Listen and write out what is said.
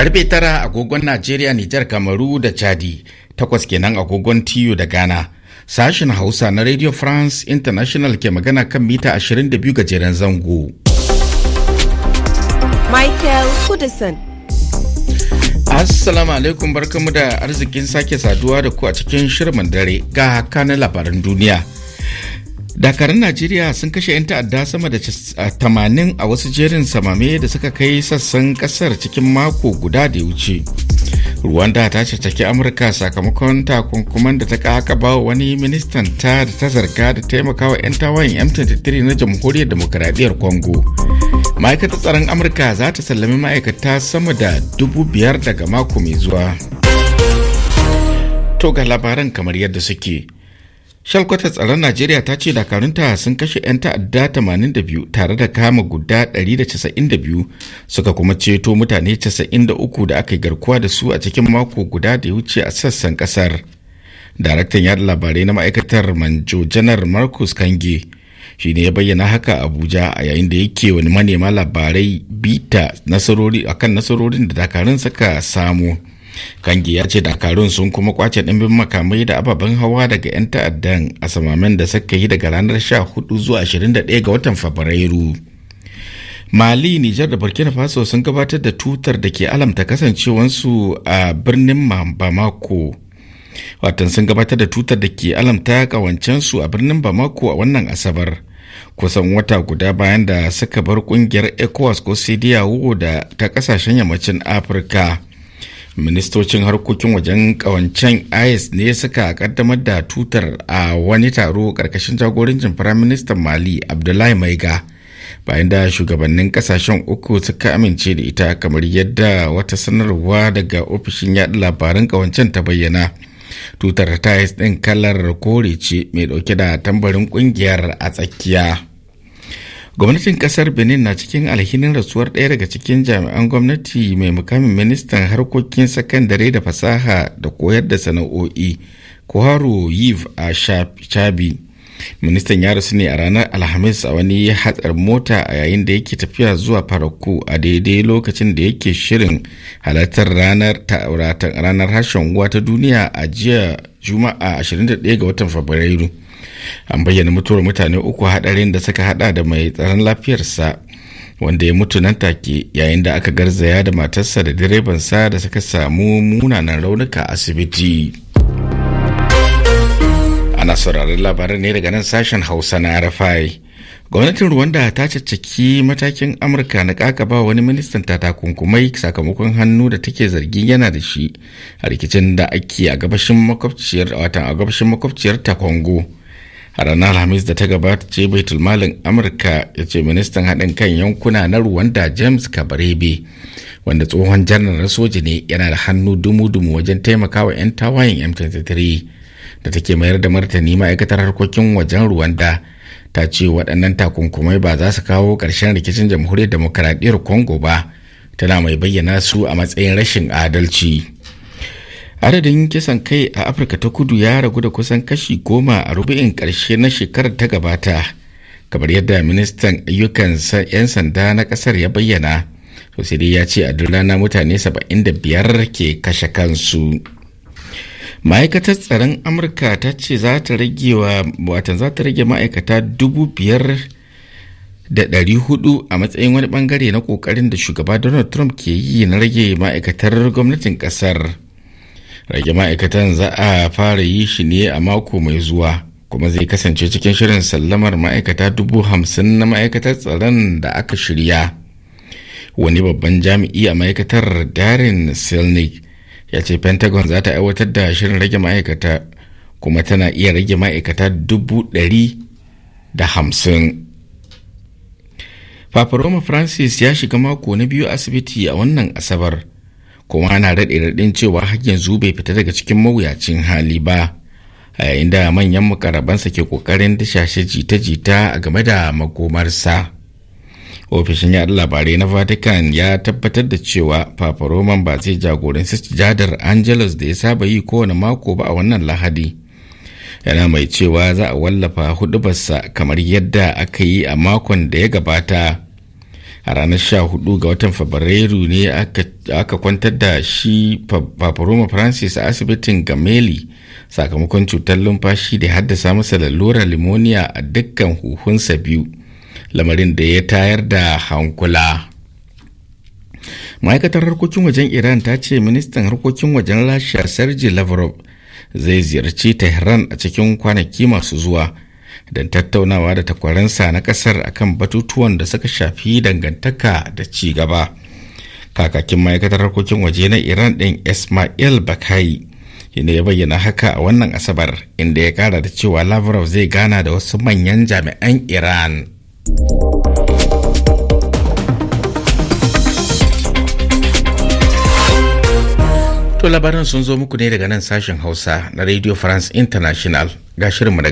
karfe tara agogon najeriya nijar kamaru da chadi takwas kenan agogon tiyo da ghana sashen hausa na radio france international ke magana kan mita 22 gajeren zango michael kudison assalamu alaikum barkamu da arzikin sake saduwa da ku a cikin shirman dare ga kanin labaran duniya dakarun najeriya sun kashe 'yan ta'adda sama da 80 a wasu jerin samame da suka kai sassan kasar cikin mako guda da wuce rwanda ta caccaki amurka sakamakon takunkuman da ta kaka ba wani ministan ta da ta zarga da taimakawa 'yan tawayen m23 na jamhuriyar demokaradiyyar congo ma'aikatar tsaron amurka za ta sallami ma'aikata sama da dubu biyar daga mako mai zuwa to ga labaran kamar yadda suke Shalkwata tsaron Najeriya ta ce dakarunta sun kashe 'yan ta'adda 82 tare da kama guda 192 suka kuma ceto mutane 93 da aka yi garkuwa da su a cikin mako guda da ya wuce a sassan kasar. Daraktan yada labarai na ma'aikatar Manjo Janar Marcus Kange shi ne ya bayyana haka Abuja a yayin da yake wani manema labarai bita nasarori akan nasarorin da dakarun suka samu. kangi ya ce dakarun sun kuma kwace ɗimbin makamai da ababen hawa daga 'yan ta'addan a samamen da suka yi daga ranar 14 zuwa 21 ga watan fabrairu mali nijar da burkina faso sun gabatar da tutar da ke alamta kasancewansu a birnin bamako watan sun gabatar da tutar da ke alamta kawancensu a birnin bamako a wannan asabar kusan wata guda bayan da suka bar kungiyar ecowas ko cdao da ta kasashen yammacin afirka ministocin harkokin wajen kawancen is ne suka kaddamar da tutar a wani taro karkashin jagorancin firaministan mali abdullahi maiga bayan da shugabannin kasashen uku suka amince da ita kamar yadda wata sanarwa daga ofishin yaɗa labaran kawancen ta bayyana tutar IS ɗin kalar kore ce mai ɗauke da tambarin ƙungiyar a tsakiya gwamnatin kasar benin na cikin alhinin rasuwar ɗaya daga cikin jami'an gwamnati mai mukamin ministan harkokin sakandare da fasaha da koyar da sana'o'i koharo yiv a shabi ministan ya rasu ne a ranar alhamis a wani hatsar mota a yayin da yake tafiya zuwa faraku a daidai lokacin da yake shirin halartar ranar harshen uwa ta duniya a jiya juma'a 21 ga watan fabrairu an bayyana mutuwar mutane uku hadarin da suka hada da mai tsaron lafiyarsa wanda ya mutu nan take yayin da aka garzaya da matarsa da direbansa da suka samu munanan raunuka asibiti ana sauraron labaran ne daga nan sashen hausa na rfi gwamnatin rwanda ta caccaki matakin amurka na kakaba wani ministan ta takunkumai sakamakon hannu da take zargin yana da shi a rikicin da ake a gabashin makwabciyar ta kongo a ranar alhamis da ta gabata ce baitulmalin amurka ya ce ministan haɗin kan yankuna na ruwanda james kabarebe wanda tsohon janar soja ne yana da hannu dumu-dumu wajen taimakawa 'yan tawayen m23 da take mayar da martani ma'aikatar harkokin wajen ruwanda ta ce waɗannan takunkumai ba za su kawo ƙarshen rikicin jamhuriyar demokaradiyyar congo ba tana mai bayyana su a matsayin rashin adalci. adadin kisan kai a afirka ta kudu ya ragu da kusan kashi goma a rubu'in karshe na shekarar ta gabata kamar yadda ministan ayyukan 'yan sanda na kasar ya bayyana sosai ya ce a duk rana mutane 75 ke kashe kansu ma'aikatar tsaron amurka ta ce za ta rage za rage ma'aikata dubu biyar da ɗari hudu a matsayin wani bangare na kokarin da shugaba donald trump ke yi na rage ma'aikatar gwamnatin kasar rage ma'aikatan za a fara yi shi ne a mako mai zuwa kuma zai kasance cikin shirin sallamar ma'aikata dubu hamsin na ma'aikatar tsaron da aka shirya wani babban jami'i a ma'aikatar darin selnik ya ce pentagon za ta aiwatar da shirin rage ma'aikata kuma tana iya rage ma'aikata dubu ɗari da hamsin Papa Roma Francis ya shiga mako na biyu asibiti a wannan Asabar kuma ana raɗe raɗin cewa har yanzu bai fita daga cikin mawuyacin hali ba a yayin da manyan mukarabansa ke kokarin dashashe jita-jita a game da makomarsa ofishin yaɗa labarai na vatican ya tabbatar da cewa papa roman ba zai jagoranci jadar Angelus da ya saba yi kowane mako ba a wannan lahadi yana mai cewa za a wallafa hudubarsa kamar yadda aka yi a makon da ya gabata a ranar 14 ga watan fabrairu ne aka kwantar da shi paparoma francis a asibitin gameli sakamakon cutar lumfashi da haddasa masa lalura limoniya a dukkan huhunsa biyu lamarin da ya tayar da hankula ma'aikatar harkokin wajen iran ta ce ministan harkokin wajen rasha sarji lavrov zai ziyarci tehran a cikin kwanaki masu zuwa don tattaunawa da takwaransa na kasar kan batutuwan da suka shafi dangantaka da ci gaba kakakin ma'aikatar harkokin waje na iran ɗin ismail bakai ne ya bayyana haka a wannan asabar inda ya kara da cewa lavrov zai gana da wasu manyan jami'an iran to labaran sun zo muku ne daga nan sashen hausa na radio france international ga shirinmu daga